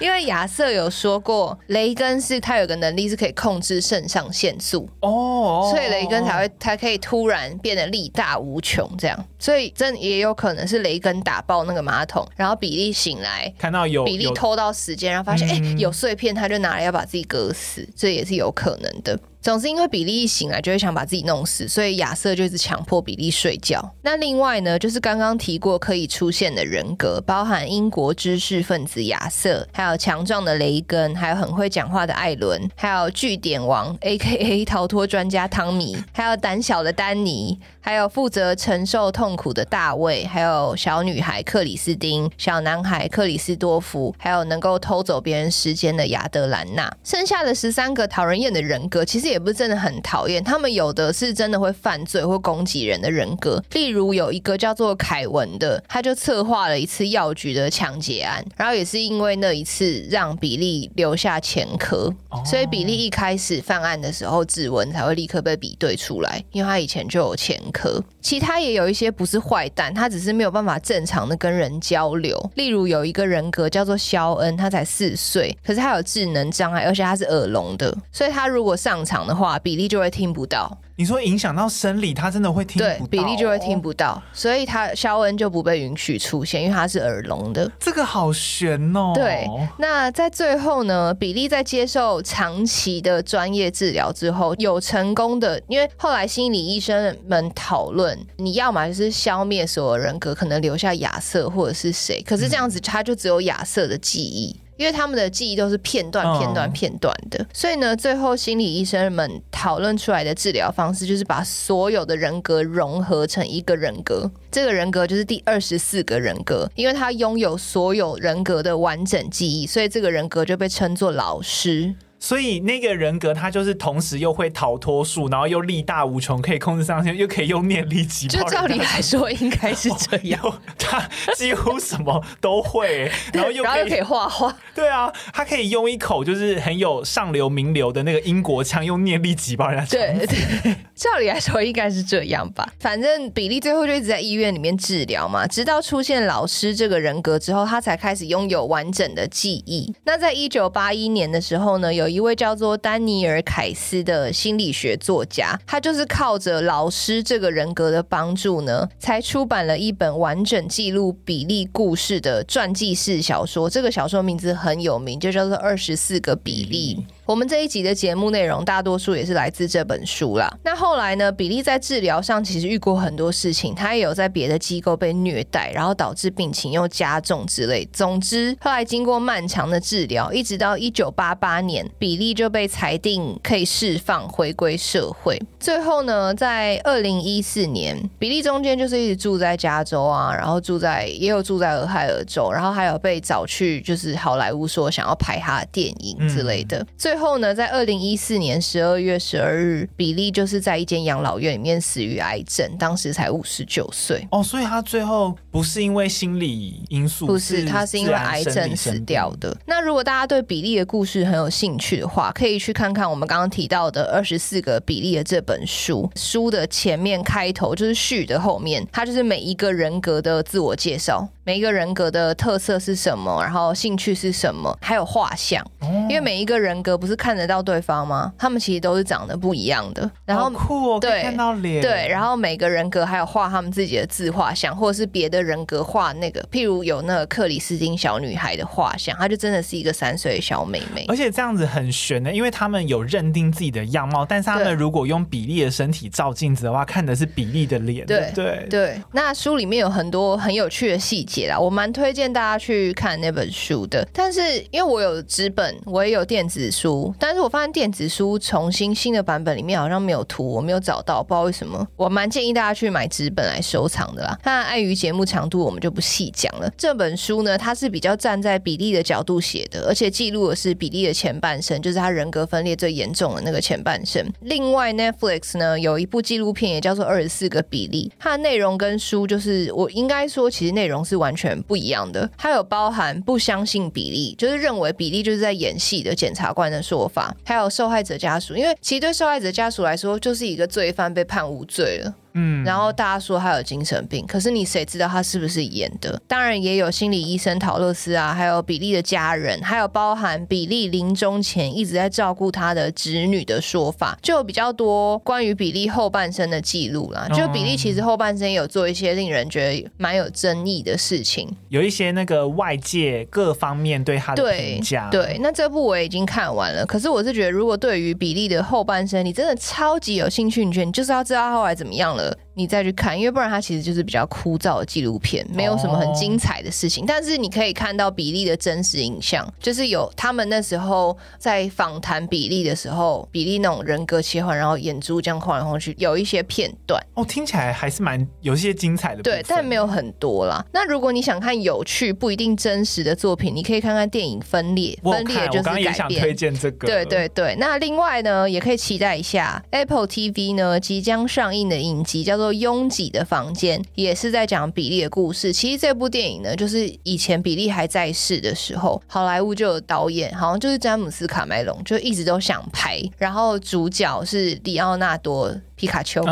因為亞瑟有說過，雷根是他有個能力是可以控制腎上腺素哦，所以雷根才會，他可以。突然變得力大無窮，這樣，所以這也有可能是雷根打爆那個馬桶，然後比利醒來看到有比利偷到時間，有然後發現哎、嗯欸、有碎片，他就拿來要把自己割死，這也是有可能的。總是因為比利一醒來就會想把自己弄死，所以亞瑟就是強迫比利睡覺。那另外呢，就是剛剛提過可以出現的人格，包含英國知識分子亞瑟，還有強壯的雷根，還有很會講話的艾倫，還有據點王 （A.K.A. 逃脫專家）湯米，還有膽小的丹尼，還有負責承受痛苦的大衛，還有小女孩克里斯丁，小男孩克里斯多夫，還有能夠偷走別人時間的亞德蘭娜。剩下的十三個討人厭的人格，其實也。也不是真的很討厭，他們有的是真的會犯罪或攻擊人的人格。例如有一個叫做凱文的，他就策劃了一次藥局的搶劫案，然後也是因為那一次讓比利留下前科，oh. 所以比利一開始犯案的時候，指紋才會立刻被比對出來，因為他以前就有前科。其他也有一些不是壞蛋，他只是沒有辦法正常的跟人交流。例如有一個人格叫做肖恩，他才四歲，可是他有智能障礙，而且他是耳聾的，所以他如果上場的話，比利就會聽不到。你說影響到生理，他真的會聽不到。哦，對，比利就會聽不到，哦、所以他肖恩就不被允許出現，因為他是耳聾的，嗯。這個好玄哦！對，那在最後呢？比利在接受長期的專業治療之後，有成功的，因為後來心理醫生們討論，你要嘛就是消滅所有人格，可能留下亞瑟或者是誰，可是這樣子他就只有亞瑟的記憶。嗯因為他們的記憶都是片段、片段、片段的，oh. 所以呢，最後心理醫生們討論出來的治療方式就是把所有的人格融合成一個人格。這個人格就是第二十四個人格，因為他擁有所有人格的完整記憶，所以這個人格就被稱作老師。所以那個人格，他就是同時又會逃脫術，然後又力大無窮，可以控制上身又可以用念力擊爆。就照理來說，應該是這樣、 哦。他幾乎什麼都會， 然後又然後又可以畫畫。對啊，他可以用一口就是很有上流名流的那個英國腔，用念力擊爆人家。對，對，對，照理來說應該是這樣吧。反正比利最後就一直在醫院裡面治療嘛，直到出現老師這個人格之後，他才開始擁有完整的記憶。那在一九八一年的時候呢，有，一位叫做丹尼爾·凱斯的心理學作家，他就是靠着老師這個人格的幫助呢，才出版了一本完整記錄比利故事的傳記式小說。這個小說名字很有名，就叫做《二十四個比利》。我們這一集的節目內容大多數也是來自這本書啦。那後來呢？比利在治療上其實遇過很多事情，他也有在別的機構被虐待，然後導致病情又加重之類。總之，後來經過漫長的治療，一直到一九八八年，比利就被裁定可以釋放，回歸社會。最後呢，在二零一四年，比利中間就是一直住在加州啊，然後住在也有住在俄亥俄州，然後還有被找去就是好萊塢說想要拍他的電影之類的。最、嗯最後呢，在二零一四年十二月十二日，比利就是在一間養老院裡面死於癌症，當時才五十九歲。哦，所以他最後不是因為心理因素，是生生，不是他是因為癌症死掉的。那如果大家對比利的故事很有興趣的話，可以去看看我們剛剛提到的《二十四個比利》的這本書。書的前面開頭就是序的後面，它就是每一個人格的自我介紹。每一個人格的特色是什麼？然後興趣是什麼？還有畫像，嗯、因為每一個人格不是看得到對方嗎？他們其實都是長得不一樣的。然後好酷哦，對。看到臉。對，然後每個人格還有畫他們自己的自畫像，或者是別的人格畫那個，譬如有那個克里斯汀小女孩的畫像，她就真的是一個三歲小妹妹。而且這樣子很玄的，因為他們有認定自己的樣貌，但是他們如果用比利的身體照鏡子的話，看的是比利的臉。對對對，對。那書裡面有很多很有趣的細節，寫了，我蠻推薦大家去看那本書的。但是因為我有紙本，我也有電子書，但是我發現電子書重新新的版本裡面好像沒有圖，我沒有找到，不知道為什麼。我蠻建議大家去買紙本來收藏的啦。那礙於節目長度，我們就不細講了。這本書呢，它是比較站在比利的角度寫的，而且記錄的是比利的前半生，就是他人格分裂最嚴重的那個前半生。另外，Netflix 呢有一部紀錄片也叫做《二十四個比利》，它的內容跟書就是我應該說，其實內容是。完全不一樣的，還有包含不相信比利，就是認為比利就是在演戲的檢察官的說法，還有受害者家屬，因為其實對受害者家屬來說，就是一個罪犯被判無罪了。嗯，然後大家說他有精神病，可是你誰知道他是不是演的？當然也有心理醫生陶樂斯啊，還有比利的家人，還有包含比利臨終前一直在照顧他的侄女的說法，就有比較多關於比利後半生的記錄啦。就比利其實後半生也有做一些令人覺得蠻有爭議的事情，有一些那個外界各方面對他的評價，對。對，那這部我已經看完了，可是我是覺得，如果對於比利的後半生，你真的超級有興趣，你就是要知道他後來怎麼樣了。你再去看，因為不然它其實就是比較枯燥的紀錄片，沒有什麼很精彩的事情。Oh. 但是你可以看到比利的真實影像，就是有他們那時候在訪談比利的時候，比利那種人格切換，然後眼珠這樣晃來晃去，有一些片段。哦，oh, 聽起來還是蠻有一些精彩的，對，但沒有很多啦。那如果你想看有趣不一定真實的作品，你可以看看電影分裂《分裂》，分裂就是改變。我剛剛也想推薦這個，對對對。那另外呢，也可以期待一下 Apple TV 呢即將上映的影集。叫做《擁擠的房間》，也是在講比利的故事。其實這部電影呢，就是以前比利還在世的時候，好萊塢就有導演，好像就是詹姆斯卡梅隆，就一直都想拍。然後主角是李奧納多。皮卡丘，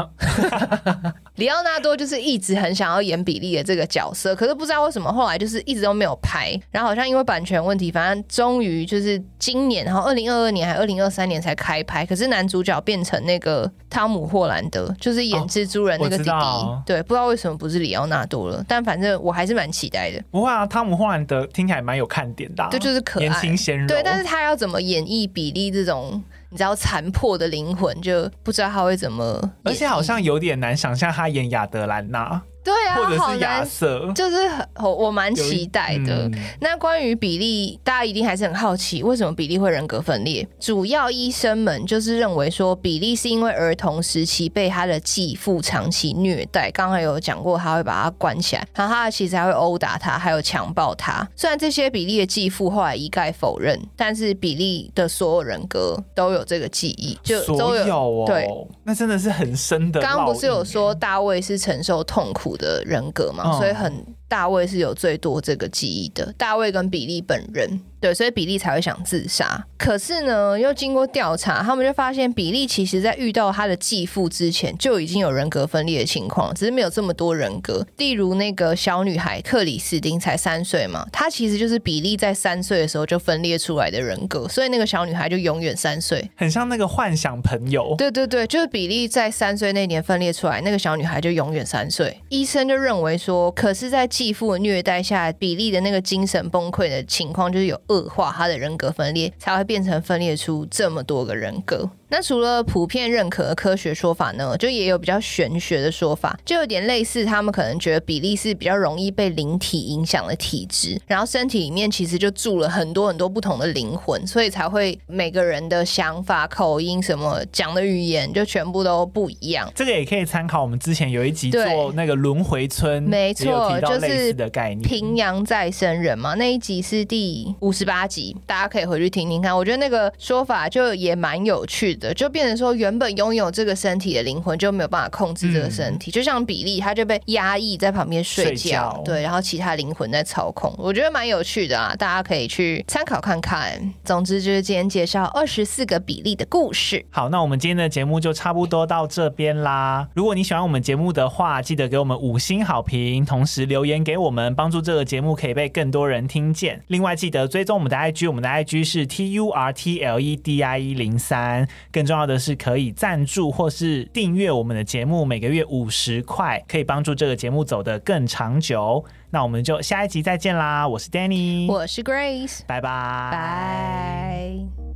里奧納多就是一直很想要演比利的這個角色，可是不知道為什麼後來就是一直都沒有拍。然後好像因為版權問題，反正終於就是今年，然後二零二二年還二零二三年才開拍。可是男主角變成那個湯姆·霍蘭德，就是演蜘蛛人那個弟弟。哦、對，不知道為什麼不是里奧納多了，哦、但反正我還是蠻期待的。不會啊，湯姆·霍蘭德聽起來蠻有看點的、啊，對，就，就是可愛，對，但是他要怎麼演繹比利這種？你知道殘破的靈魂，就不知道他會怎麼，而且好像有點難想象他演亞德蘭娜。對啊，或者是亞瑟。好難就是很我蠻期待的。嗯、那關於比利，大家一定還是很好奇，為什麼比利會人格分裂？主要醫生們就是認為說，比利是因為兒童時期被他的繼父長期虐待。剛剛有講過，他會把他關起來，然後他其實還會毆打他，還有強暴他。雖然這些比利的繼父後來一概否認，但是比利的所有人格都有這個記憶，就都有、哦、對，那真的是很深的。剛剛不是有說大衛是承受痛苦？的人格嘛，所以很大衛是有最多這個記憶的。哦、大衛跟比利本人，對，所以比利才會想自殺。可是呢，又經過調查，他們就發現比利其實在遇到他的繼父之前，就已經有人格分裂的情況，只是沒有這麼多人格。例如那個小女孩克里斯汀才三歲嘛，她其實就是比利在三歲的時候就分裂出來的人格，所以那個小女孩就永遠三歲，很像那個幻想朋友。對對對，就是比利在三歲那年分裂出來，那個小女孩就永遠三歲。醫生就認為說，可是，在繼父的虐待下，比利的那個精神崩潰的情況就是有惡化，他的人格分裂才會變成分裂出這麼多個人格。那除了普遍認可的科學說法呢，就也有比較玄學的說法，就有點類似他們可能覺得比利是比較容易被靈體影響的體質，然後身體裡面其實就住了很多很多不同的靈魂，所以才會每個人的想法、口音、什麼講的語言就全部都不一樣。這個也可以參考我們之前有一集做那個輪迴村，沒錯，就是類似的概念。平陽再生人嘛，那一集是第五十八集，大家可以回去聽聽看。我覺得那個說法就也蠻有趣的。就變成說，原本擁有這個身體的靈魂就沒有辦法控制這個身體，嗯、就像比利，他就被壓抑在旁邊睡覺，睡覺對，然後其他靈魂在操控，我覺得蠻有趣的啊，大家可以去參考看看。總之就是今天介紹二十四個比利的故事。好，那我們今天的節目就差不多到這邊啦。如果你喜歡我們節目的話，記得給我們五星好評，同時留言給我們，幫助這個節目可以被更多人聽見。另外記得追蹤我們的 IG，我們的 IG 是 t u r t l e d i e 零三。更重要的是，可以贊助或是訂閱我們的節目，每個月五十塊，可以幫助這個節目走得更長久。那我們就下一集再見啦！我是 Danny，我是 Grace，拜拜，拜拜。